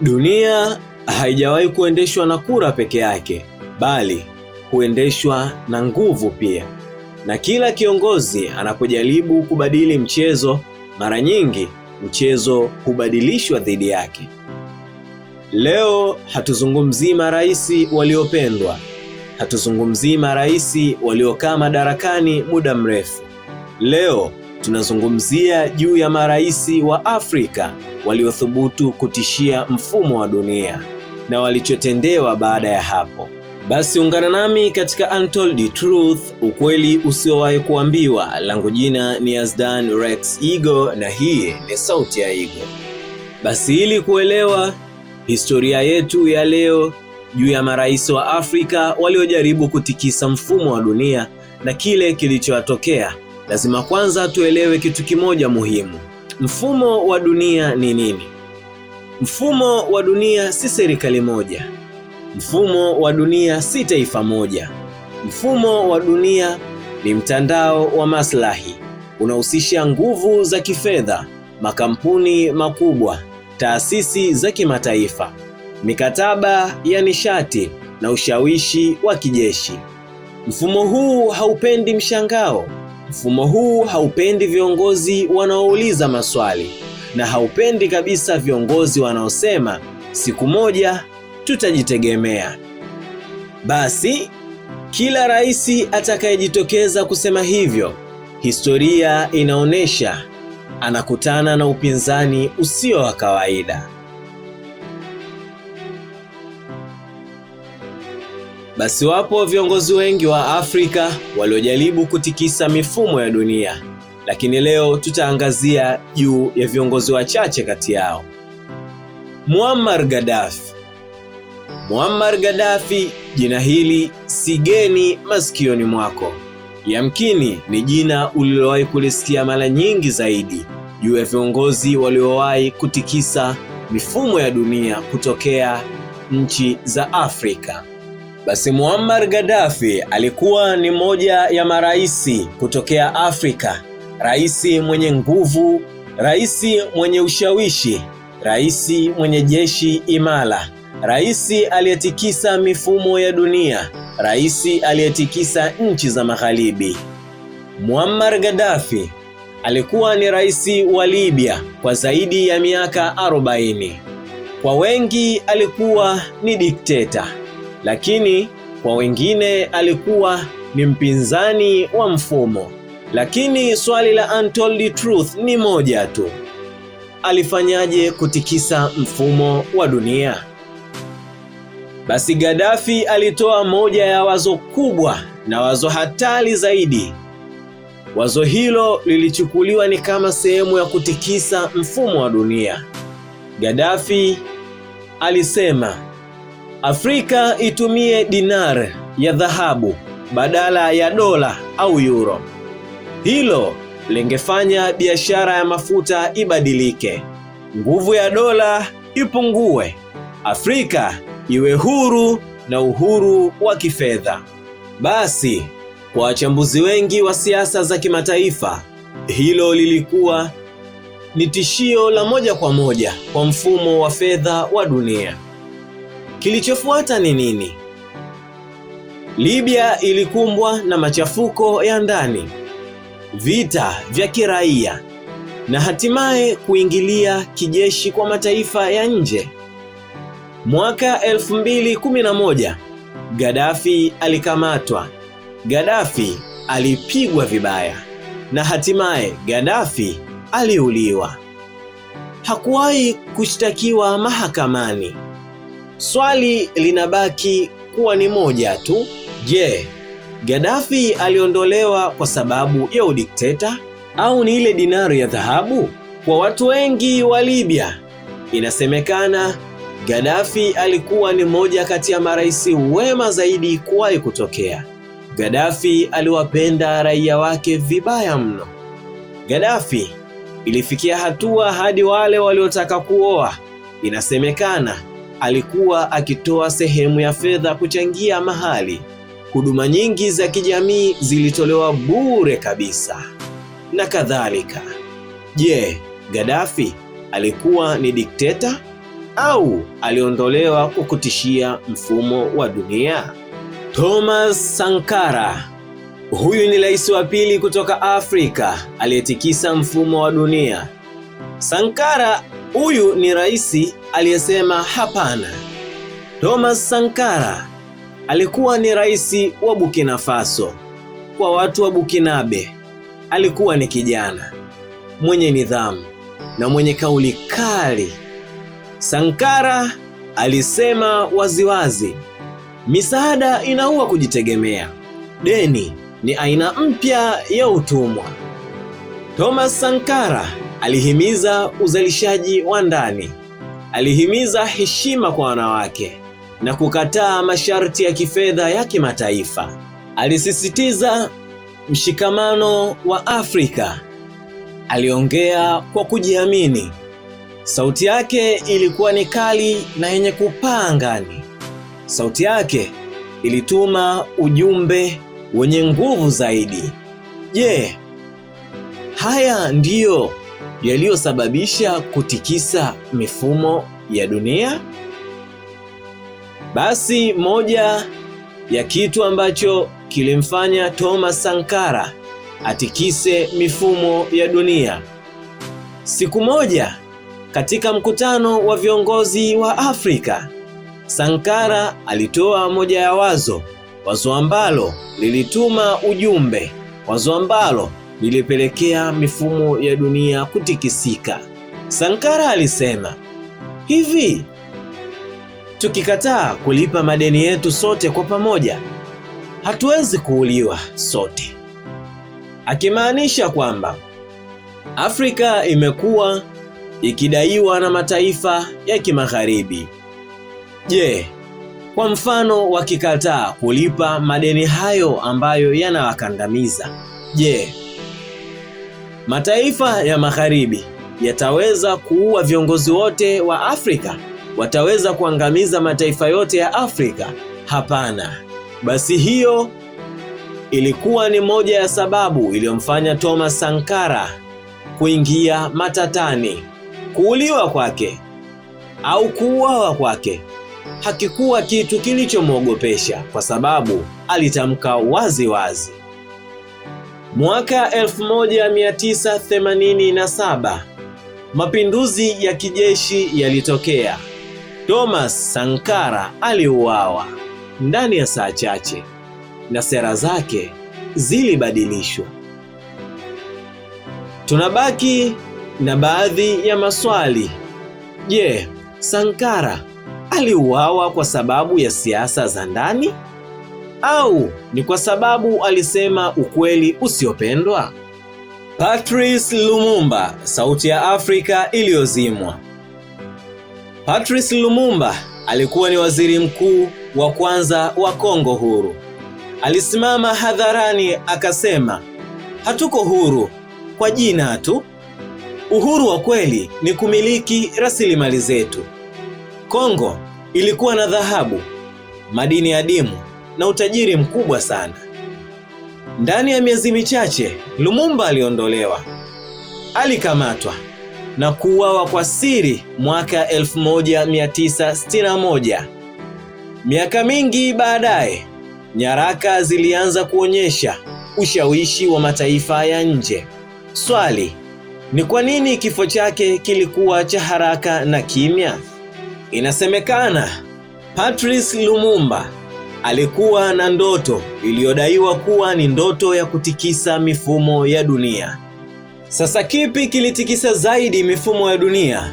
Dunia haijawahi kuendeshwa na kura peke yake, bali huendeshwa na nguvu pia. Na kila kiongozi anapojaribu kubadili mchezo, mara nyingi mchezo hubadilishwa dhidi yake. Leo hatuzungumzii marais waliopendwa, hatuzungumzii marais waliokaa madarakani muda mrefu. Leo Tunazungumzia juu ya marais wa Afrika waliothubutu kutishia mfumo wa dunia na walichotendewa baada ya hapo. Basi ungana nami katika Untold Truth, ukweli usiowahi kuambiwa. Langu jina ni asdan Rex Igo na hii ni sauti ya Igo. Basi ili kuelewa historia yetu ya leo juu ya marais wa Afrika waliojaribu kutikisa mfumo wa dunia na kile kilichowatokea lazima kwanza tuelewe kitu kimoja muhimu: mfumo wa dunia ni nini? Mfumo wa dunia si serikali moja. Mfumo wa dunia si taifa moja. Mfumo wa dunia ni mtandao wa maslahi unahusisha nguvu za kifedha, makampuni makubwa, taasisi za kimataifa, mikataba ya nishati na ushawishi wa kijeshi. Mfumo huu haupendi mshangao. Mfumo huu haupendi viongozi wanaouliza maswali na haupendi kabisa viongozi wanaosema siku moja tutajitegemea. Basi kila rais atakayejitokeza kusema hivyo, historia inaonyesha anakutana na upinzani usio wa kawaida. Basi wapo viongozi wengi wa Afrika waliojaribu kutikisa mifumo ya dunia, lakini leo tutaangazia juu ya viongozi wachache kati yao. Muammar Gaddafi. Muammar Gaddafi, jina hili si geni masikioni mwako. Yamkini ni jina ulilowahi kulisikia mara nyingi zaidi juu ya viongozi waliowahi kutikisa mifumo ya dunia kutokea nchi za Afrika. Basi Muammar Gaddafi alikuwa ni moja ya maraisi kutokea Afrika, raisi mwenye nguvu, raisi mwenye ushawishi, raisi mwenye jeshi imara, raisi aliyetikisa mifumo ya dunia, raisi aliyetikisa nchi za magharibi. Muammar Gaddafi alikuwa ni rais wa Libya kwa zaidi ya miaka 40. Kwa wengi alikuwa ni dikteta lakini kwa wengine alikuwa ni mpinzani wa mfumo. Lakini swali la Untold Truth ni moja tu: alifanyaje kutikisa mfumo wa dunia? Basi Gaddafi alitoa moja ya wazo kubwa na wazo hatari zaidi. Wazo hilo lilichukuliwa ni kama sehemu ya kutikisa mfumo wa dunia. Gaddafi alisema Afrika itumie dinar ya dhahabu badala ya dola au euro. Hilo lingefanya biashara ya mafuta ibadilike, nguvu ya dola ipungue, Afrika iwe huru na uhuru wa kifedha. Basi kwa wachambuzi wengi wa siasa za kimataifa, hilo lilikuwa ni tishio la moja kwa moja kwa mfumo wa fedha wa dunia. Kilichofuata ni nini? Libya ilikumbwa na machafuko ya ndani, vita vya kiraia na hatimaye kuingilia kijeshi kwa mataifa ya nje. Mwaka 2011, Gaddafi alikamatwa. Gaddafi alipigwa vibaya na hatimaye Gaddafi aliuliwa. Hakuwahi kushtakiwa mahakamani. Swali linabaki kuwa ni moja tu. Je, Gaddafi aliondolewa kwa sababu ya udikteta au ni ile dinari ya dhahabu? Kwa watu wengi wa Libya, inasemekana Gaddafi alikuwa ni mmoja kati ya marais wema zaidi kuwahi kutokea. Gaddafi aliwapenda raia wake vibaya mno. Gaddafi ilifikia hatua hadi wale waliotaka kuoa, inasemekana alikuwa akitoa sehemu ya fedha kuchangia mahali. Huduma nyingi za kijamii zilitolewa bure kabisa na kadhalika. Je, Gaddafi alikuwa ni dikteta au aliondolewa kwa kutishia mfumo wa dunia? Thomas Sankara Huyu ni rais wa pili kutoka Afrika aliyetikisa mfumo wa dunia. Sankara Huyu ni rais aliyesema hapana. Thomas Sankara alikuwa ni rais wa Burkina Faso. Kwa watu wa Bukinabe, alikuwa ni kijana mwenye nidhamu na mwenye kauli kali. Sankara alisema waziwazi, misaada inaua kujitegemea, deni ni aina mpya ya utumwa. Thomas Sankara Alihimiza uzalishaji wa ndani, alihimiza heshima kwa wanawake na kukataa masharti ya kifedha ya kimataifa. Alisisitiza mshikamano wa Afrika. Aliongea kwa kujiamini. Sauti yake ilikuwa ni kali na yenye kupaa angani. Sauti yake ilituma ujumbe wenye nguvu zaidi. Je, haya ndiyo yaliyosababisha kutikisa mifumo ya dunia? Basi moja ya kitu ambacho kilimfanya Thomas Sankara atikise mifumo ya dunia. Siku moja katika mkutano wa viongozi wa Afrika, Sankara alitoa moja ya wazo, wazo ambalo lilituma ujumbe, wazo ambalo lilipelekea mifumo ya dunia kutikisika. Sankara alisema hivi, tukikataa kulipa madeni yetu sote kwa pamoja, hatuwezi kuuliwa sote, akimaanisha kwamba Afrika imekuwa ikidaiwa na mataifa ya kimagharibi. Je, kwa mfano wakikataa kulipa madeni hayo ambayo yanawakandamiza, je, Mataifa ya Magharibi yataweza kuua viongozi wote wa Afrika? Wataweza kuangamiza mataifa yote ya Afrika? Hapana. Basi hiyo ilikuwa ni moja ya sababu iliyomfanya Thomas Sankara kuingia matatani. Kuuliwa kwake au kuuawa kwake hakikuwa kitu kilichomwogopesha kwa sababu alitamka wazi wazi Mwaka 1987 mapinduzi ya kijeshi yalitokea. Thomas Sankara aliuawa ndani ya saa chache na sera zake zilibadilishwa. Tunabaki na baadhi ya maswali. Je, Sankara aliuawa kwa sababu ya siasa za ndani? au ni kwa sababu alisema ukweli usiopendwa? Patrice Lumumba, sauti ya Afrika iliyozimwa. Patrice Lumumba alikuwa ni waziri mkuu wa kwanza wa Kongo huru. Alisimama hadharani akasema, hatuko huru kwa jina tu. Uhuru wa kweli ni kumiliki rasilimali zetu. Kongo ilikuwa na dhahabu, madini adimu, na utajiri mkubwa sana. Ndani ya miezi michache, Lumumba aliondolewa. Alikamatwa na kuuawa kwa siri mwaka 1961. Miaka mingi baadaye, nyaraka zilianza kuonyesha ushawishi wa mataifa ya nje. Swali ni kwa nini kifo chake kilikuwa cha haraka na kimya? Inasemekana Patrice Lumumba alikuwa na ndoto iliyodaiwa kuwa ni ndoto ya kutikisa mifumo ya dunia. Sasa kipi kilitikisa zaidi mifumo ya dunia?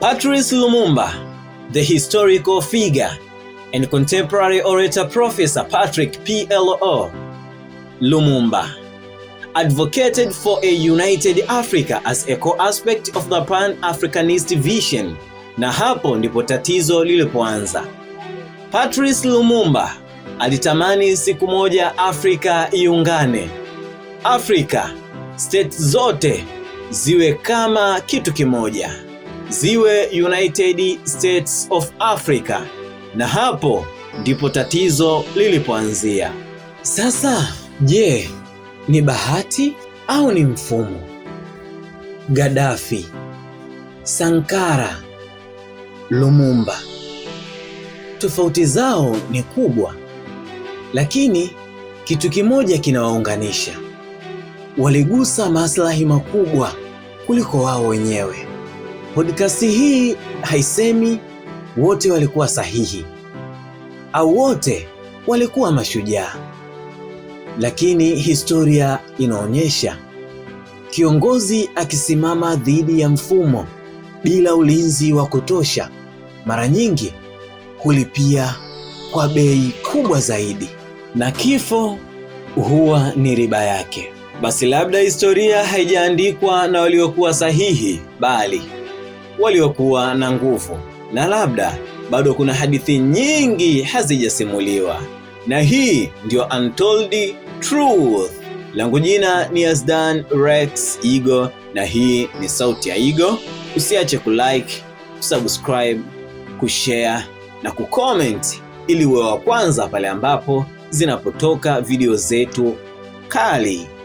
Patrice Lumumba, the historical figure and contemporary orator Professor Patrick PLO Lumumba advocated for a united Africa as a core aspect of the Pan-Africanist vision, na hapo ndipo tatizo lilipoanza. Patrice Lumumba alitamani siku moja Afrika iungane, Afrika state zote ziwe kama kitu kimoja, ziwe United States of Africa, na hapo ndipo tatizo lilipoanzia. Sasa je, ni bahati au ni mfumo? Gaddafi, Sankara, Lumumba Tofauti zao ni kubwa, lakini kitu kimoja kinawaunganisha: waligusa maslahi makubwa kuliko wao wenyewe. Podkasti hii haisemi wote walikuwa sahihi au wote walikuwa mashujaa, lakini historia inaonyesha kiongozi akisimama dhidi ya mfumo bila ulinzi wa kutosha, mara nyingi kulipia kwa bei kubwa zaidi, na kifo huwa ni riba yake. Basi labda historia haijaandikwa na waliokuwa sahihi, bali waliokuwa na nguvu, na labda bado kuna hadithi nyingi hazijasimuliwa, na hii ndio Untold Truth. Langu jina ni Yazdan Rex Igo, na hii ni sauti ya Igo. Usiache kulike, kusubscribe, kushare na kucomment ili uwe wa kwanza pale ambapo zinapotoka video zetu kali.